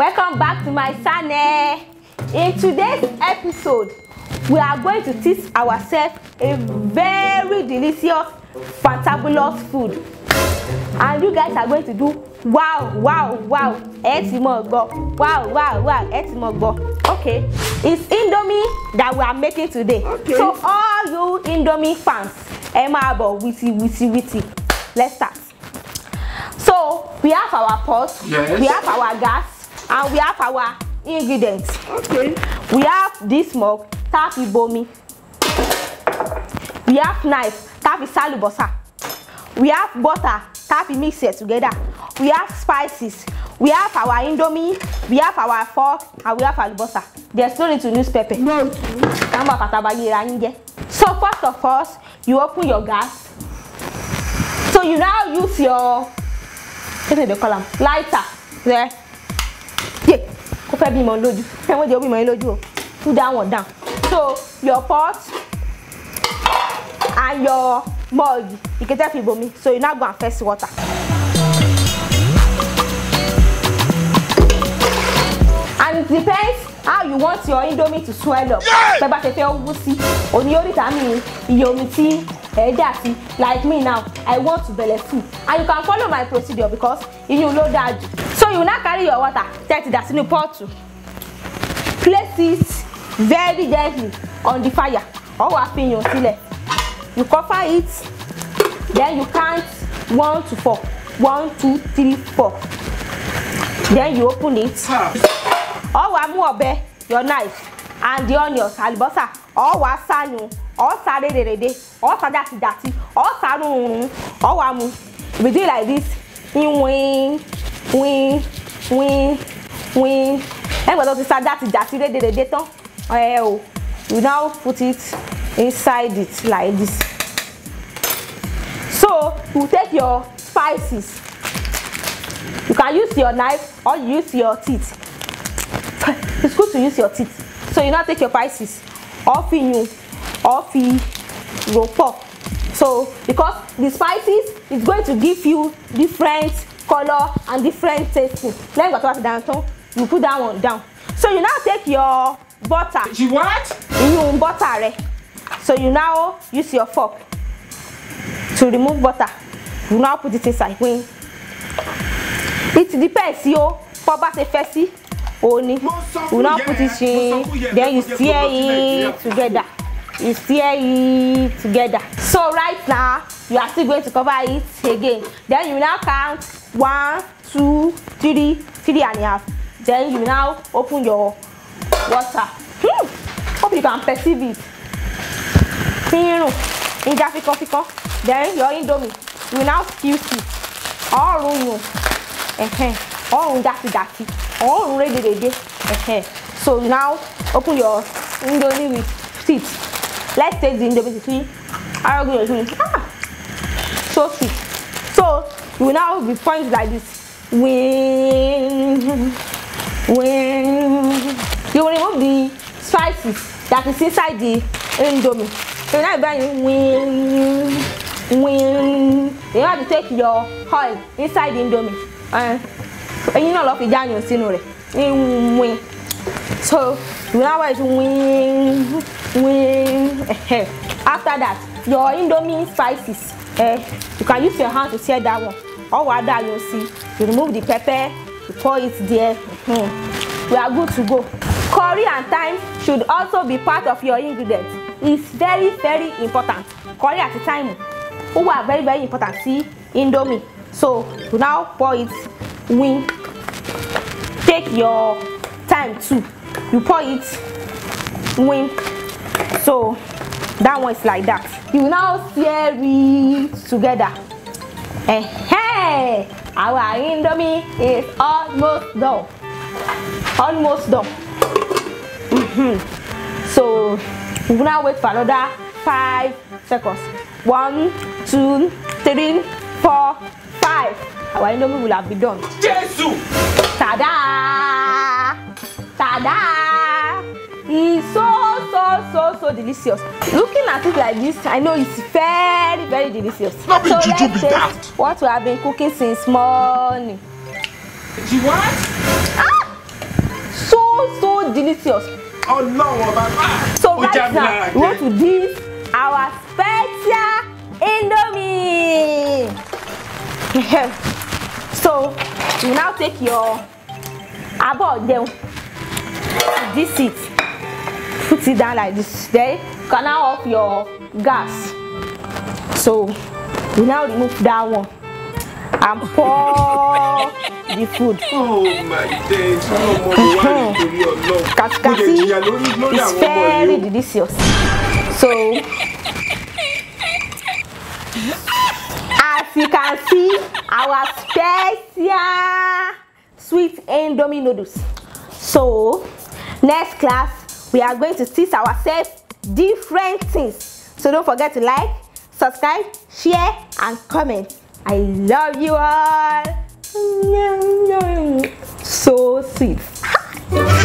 welcome back to my channel in today's episode we are going to teach ourselves a very delicious fantabulous food and you guys are going to do wow wow wow ẹ ti wow wow wow ẹ ti okay it's indomie that we are making today okay. so all you indomie fans ẹ abo, bọ̀ wìtì wìtì let's start so we have our pot yes. we have our gas and we have our ingredients okay we have this mug tap ibomi we have knife tap salubosa we have butter tap mix it together we have spices we have our indomie we have our fork and we have alubosa there's no need to use pepper no number patabaye ra nje so first of all you open your gas so you now use your what is they call lighter there kó fẹ́ bímọ lójú ẹ wọ́n jẹ́ ó bímọ yín lójú o two down one down so your pot and your mug you ìkẹtẹ́ fi bomi so you now go and fetch water. and it depends how you want your indomie to swell up. So bá ṣe fẹ́ ó wú sí òní yóò rí tàmí iye omi tí ẹ̀ẹ́dàsí like me now i want to belle full and you can follow my procedure because iyún ló dáa jù so you now carry your water tẹ́ ti in sínú pọ́ọ̀tù place it very gently on the fire or wàá fi iyún sílẹ̀ you cover it then you count one to four one two three four then you open it or wàá mú your knife and the onions àlùbọ́sà or wàá sáyún or sare rerede or sare dati dati or sare orun or wa mu if you do like this iwin win win win ẹgbẹ́ tó ti sá dati dati rederede tán ẹ o you now put it inside it like this so you take your spices you can use your knife or you use your teeth it's good to use your teeth so you now take your spices or fin you or fi rò so because the spices is going to give you different color and different taste. Then ìgbà tó bá ti you put that one down so you now take your butter. you what? iyun butter eh? so you now use your fork to remove butter you now put it inside when it depends yo for bá ṣe fẹ́ sí you now put it in then you stir it together is here together so right now you are still going to cover it again then you now count one two three three and a half then you now open your water hmm. hope you can perceive it pinru ninja fiko fiko then your indomie you now stew it All ọrùn yun ọrùn ready, ọrùn rédèrèdè so now open your indomie with seeds let's taste the indomie to see how good ah so sweet so you will now be points like this wing wing you will remove the spices that is inside the indomie you will now be buying wing you have to take your oil inside the indomie and eh, ẹyin náà lọ fi jáàyàn sínú rẹ ní wing so you will now wear it wing. Eh, eh. after that your indomie spices eh, you can use your hand to tear that one Or wa you see you remove the pepper you pour it there mm. we are good to go curry and thyme should also be part of your ingredient it's very very important curry at the time. Who are very very important See indomie so now pour it win take your time too you pour it win so that one is like that you now stir it together hey our indomie is almost done almost done mm -hmm. so we now wait for another five seconds one two three four five our indomie will have been done jesus tada tada it's so so so delicious looking at it like this i know it's very very delicious no so juju be that what we have been cooking since morning you what ah so so delicious ọlọ́run ọba so right now we want to this our special indomie so you now take your abo jẹun this it put it down like this then you can now off your gas so you now remove that one and pour the food. oh my days uh-huh. ọmọ ọmọ mi it's very delicious so as you can see our special sweet indomie noodles so next class we are going to teach ourselves different things so don't forget to like subscribe share and comment i love you all so sweet